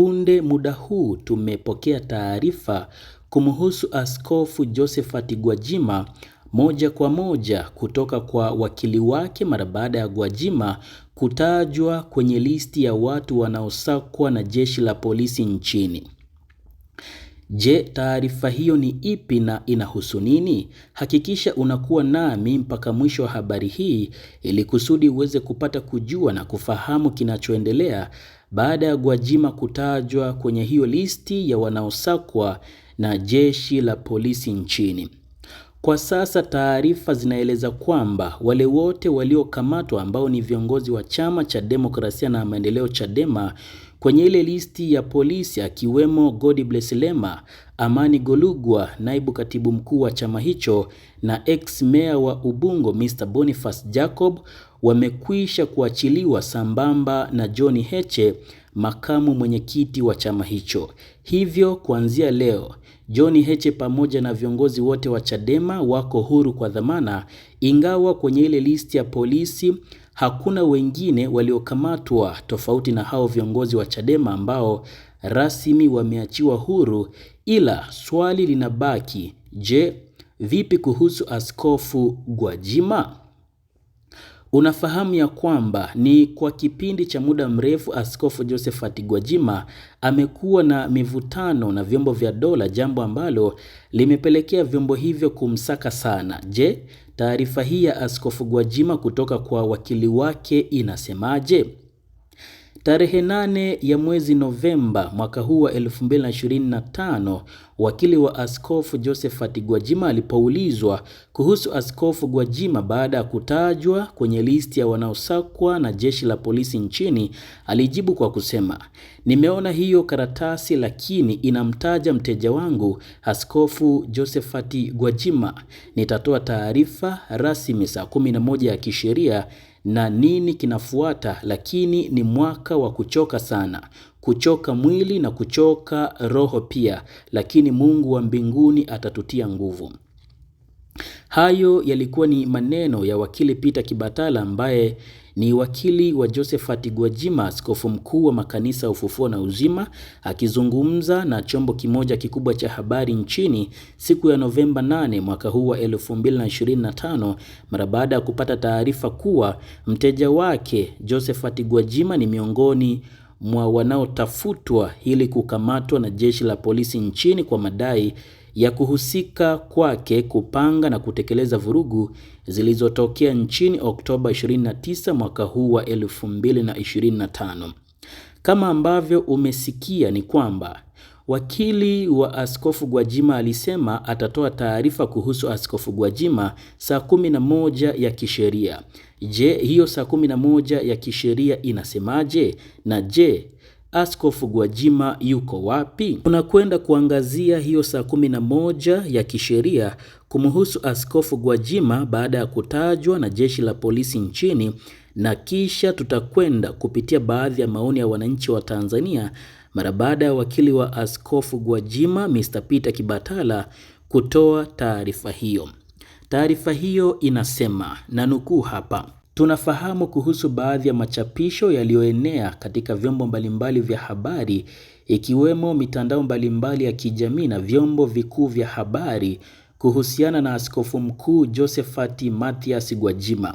Punde muda huu tumepokea taarifa kumhusu Askofu Josephat Gwajima moja kwa moja kutoka kwa wakili wake mara baada ya Gwajima kutajwa kwenye listi ya watu wanaosakwa na jeshi la polisi nchini. Je, taarifa hiyo ni ipi na inahusu nini? Hakikisha unakuwa nami mpaka mwisho wa habari hii ili kusudi uweze kupata kujua na kufahamu kinachoendelea baada ya Gwajima kutajwa kwenye hiyo listi ya wanaosakwa na jeshi la polisi nchini. Kwa sasa taarifa zinaeleza kwamba wale wote waliokamatwa ambao ni viongozi wa chama cha demokrasia na maendeleo Chadema Kwenye ile listi ya polisi akiwemo Godbless Lema, Amani Golugwa, naibu katibu mkuu wa chama hicho na ex meya wa Ubungo Mr Boniface Jacob wamekwisha kuachiliwa sambamba na John Heche, makamu mwenyekiti wa chama hicho. Hivyo kuanzia leo John Heche pamoja na viongozi wote wa Chadema wako huru kwa dhamana, ingawa kwenye ile listi ya polisi Hakuna wengine waliokamatwa tofauti na hao viongozi wa Chadema ambao rasmi wameachiwa huru, ila swali linabaki, je, vipi kuhusu Askofu Gwajima? Unafahamu ya kwamba ni kwa kipindi cha muda mrefu Askofu Josephat Gwajima amekuwa na mivutano na vyombo vya dola, jambo ambalo limepelekea vyombo hivyo kumsaka sana. Je, taarifa hii ya Askofu Gwajima kutoka kwa wakili wake inasemaje? Tarehe nane ya mwezi Novemba mwaka huu wa 2025, wakili wa Askofu Josephat Gwajima alipoulizwa kuhusu Askofu Gwajima baada ya kutajwa kwenye listi ya wanaosakwa na jeshi la polisi nchini, alijibu kwa kusema, nimeona hiyo karatasi lakini inamtaja mteja wangu Askofu Josephat Gwajima. Nitatoa taarifa rasmi saa 11 ya kisheria na nini kinafuata, lakini ni mwaka wa kuchoka sana, kuchoka mwili na kuchoka roho pia, lakini Mungu wa mbinguni atatutia nguvu. Hayo yalikuwa ni maneno ya wakili Peter Kibatala ambaye ni wakili wa Josephat Gwajima, askofu mkuu wa makanisa ya Ufufuo na Uzima, akizungumza na chombo kimoja kikubwa cha habari nchini siku ya Novemba 8 mwaka huu wa 2025 mara baada ya kupata taarifa kuwa mteja wake Josephat Gwajima ni miongoni mwa wanaotafutwa ili kukamatwa na jeshi la polisi nchini kwa madai ya kuhusika kwake kupanga na kutekeleza vurugu zilizotokea nchini Oktoba 29 mwaka huu wa 2025. Kama ambavyo umesikia ni kwamba wakili wa Askofu Gwajima alisema atatoa taarifa kuhusu Askofu Gwajima saa 11 ya kisheria. Je, hiyo saa 11 ya kisheria inasemaje? Na je, Askofu Gwajima yuko wapi? Tunakwenda kuangazia hiyo saa kumi na moja ya kisheria kumhusu Askofu Gwajima baada ya kutajwa na jeshi la polisi nchini, na kisha tutakwenda kupitia baadhi ya maoni ya wananchi wa Tanzania mara baada ya wakili wa Askofu Gwajima Mr. Peter Kibatala kutoa taarifa hiyo. Taarifa hiyo inasema na nukuu hapa: Tunafahamu kuhusu baadhi ya machapisho yaliyoenea katika vyombo mbalimbali vya habari ikiwemo mitandao mbalimbali ya kijamii na vyombo vikuu vya habari kuhusiana na Askofu Mkuu Josephat Mathias Gwajima.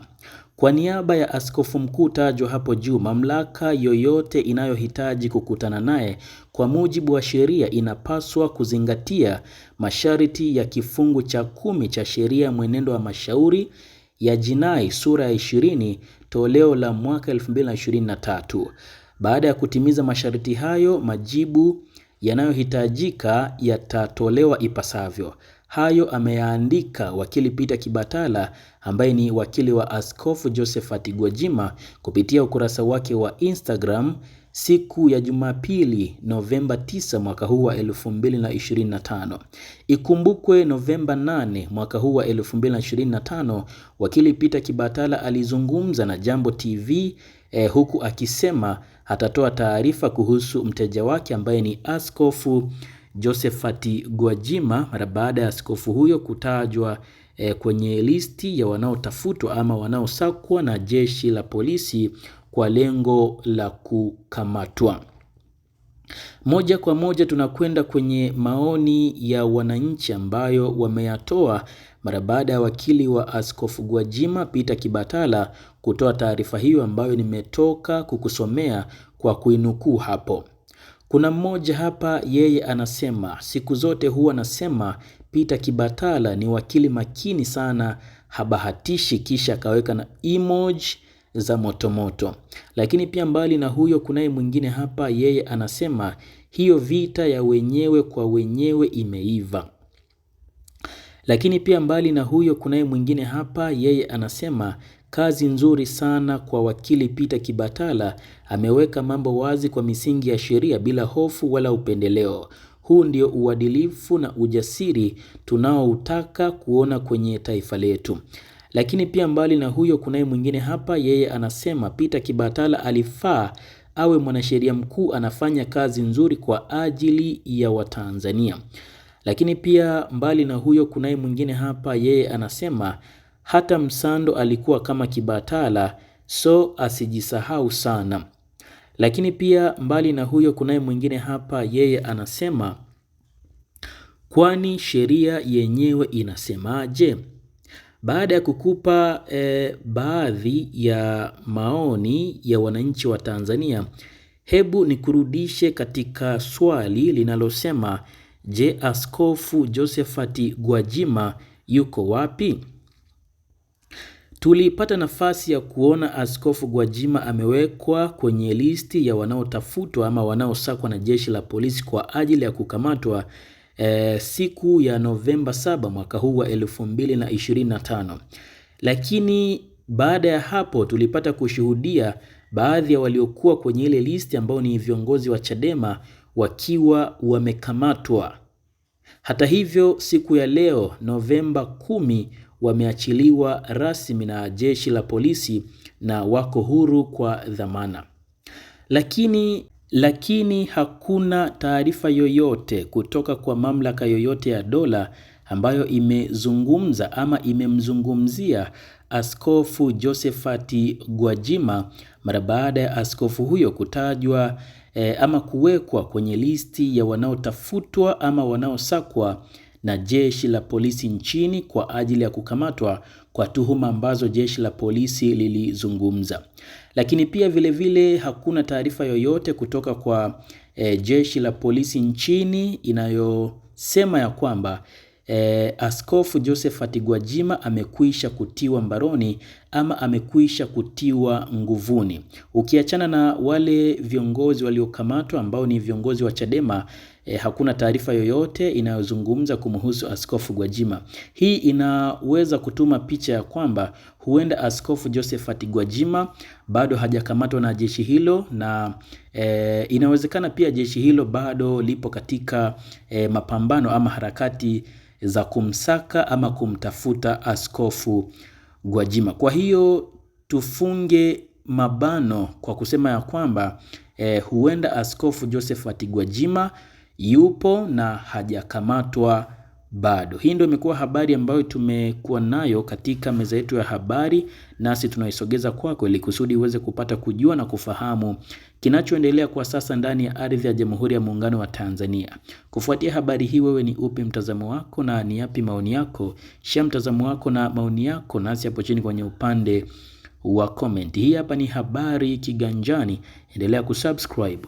Kwa niaba ya askofu mkuu tajwa hapo juu, mamlaka yoyote inayohitaji kukutana naye kwa mujibu wa sheria inapaswa kuzingatia masharti ya kifungu cha kumi cha sheria ya mwenendo wa mashauri ya Jinai sura ya 20 toleo la mwaka 2023. Baada ya kutimiza masharti hayo, majibu yanayohitajika yatatolewa ipasavyo. Hayo ameyaandika wakili Peter Kibatala ambaye ni wakili wa Askofu Josephat Gwajima kupitia ukurasa wake wa Instagram siku ya Jumapili, Novemba 9 mwaka huu wa 2025. Ikumbukwe Novemba 8 mwaka huu wa 2025, wakili Peter Kibatala alizungumza na Jambo TV eh, huku akisema atatoa taarifa kuhusu mteja wake ambaye ni Askofu Josephati Gwajima mara baada ya askofu huyo kutajwa eh, kwenye listi ya wanaotafutwa ama wanaosakwa na jeshi la polisi kwa lengo la kukamatwa. Moja kwa moja tunakwenda kwenye maoni ya wananchi ambayo wameyatoa mara baada ya wakili wa Askofu Gwajima Peter Kibatala kutoa taarifa hiyo ambayo nimetoka kukusomea kwa kuinukuu hapo. Kuna mmoja hapa, yeye anasema siku zote huwa anasema Peter Kibatala ni wakili makini sana, habahatishi. Kisha akaweka na emoji za motomoto moto. Lakini pia mbali na huyo kunaye mwingine hapa, yeye anasema hiyo vita ya wenyewe kwa wenyewe imeiva. Lakini pia mbali na huyo kunaye mwingine hapa, yeye anasema kazi nzuri sana kwa wakili Peter Kibatala, ameweka mambo wazi kwa misingi ya sheria bila hofu wala upendeleo. Huu ndio uadilifu na ujasiri tunaoutaka kuona kwenye taifa letu. Lakini pia mbali na huyo, kunaye mwingine hapa, yeye anasema Peter Kibatala alifaa awe mwanasheria mkuu, anafanya kazi nzuri kwa ajili ya Watanzania. Lakini pia mbali na huyo, kunaye mwingine hapa, yeye anasema hata Msando alikuwa kama Kibatala, so asijisahau sana. Lakini pia mbali na huyo, kunaye mwingine hapa, yeye anasema kwani sheria yenyewe inasemaje? Baada ya kukupa e, baadhi ya maoni ya wananchi wa Tanzania, hebu nikurudishe katika swali linalosema je, Askofu Josephat Gwajima yuko wapi? Tulipata nafasi ya kuona Askofu Gwajima amewekwa kwenye listi ya wanaotafutwa ama wanaosakwa na jeshi la polisi kwa ajili ya kukamatwa e, siku ya Novemba 7 mwaka huu wa 2025. Lakini baada ya hapo tulipata kushuhudia baadhi ya waliokuwa kwenye ile listi ambao ni viongozi wa Chadema wakiwa wamekamatwa. Hata hivyo, siku ya leo Novemba kumi wameachiliwa rasmi na jeshi la polisi na wako huru kwa dhamana. Lakini lakini hakuna taarifa yoyote kutoka kwa mamlaka yoyote ya dola ambayo imezungumza ama imemzungumzia Askofu Josephat Gwajima mara baada ya askofu huyo kutajwa e, ama kuwekwa kwenye listi ya wanaotafutwa ama wanaosakwa na jeshi la polisi nchini kwa ajili ya kukamatwa kwa tuhuma ambazo jeshi la polisi lilizungumza. Lakini pia vilevile vile, hakuna taarifa yoyote kutoka kwa e, jeshi la polisi nchini inayosema ya kwamba e, Askofu Josephat Gwajima amekwisha kutiwa mbaroni ama amekwisha kutiwa nguvuni, ukiachana na wale viongozi waliokamatwa ambao ni viongozi wa Chadema E, hakuna taarifa yoyote inayozungumza kumhusu Askofu Gwajima. Hii inaweza kutuma picha ya kwamba huenda Askofu Josephat Gwajima bado hajakamatwa na jeshi hilo na e, inawezekana pia jeshi hilo bado lipo katika e, mapambano ama harakati za kumsaka ama kumtafuta Askofu Gwajima. Kwa hiyo tufunge mabano kwa kusema ya kwamba e, huenda Askofu Josephat Gwajima yupo na hajakamatwa bado. Hii ndio imekuwa habari ambayo tumekuwa nayo katika meza yetu ya habari, nasi tunaisogeza kwako ili kusudi uweze kupata kujua na kufahamu kinachoendelea kwa sasa ndani ya ardhi ya Jamhuri ya Muungano wa Tanzania. Kufuatia habari hii, wewe ni upi mtazamo wako na ni yapi maoni yako? Shia mtazamo wako na maoni yako nasi hapo chini kwenye upande wa comment. Hii hapa ni habari Kiganjani, endelea kusubscribe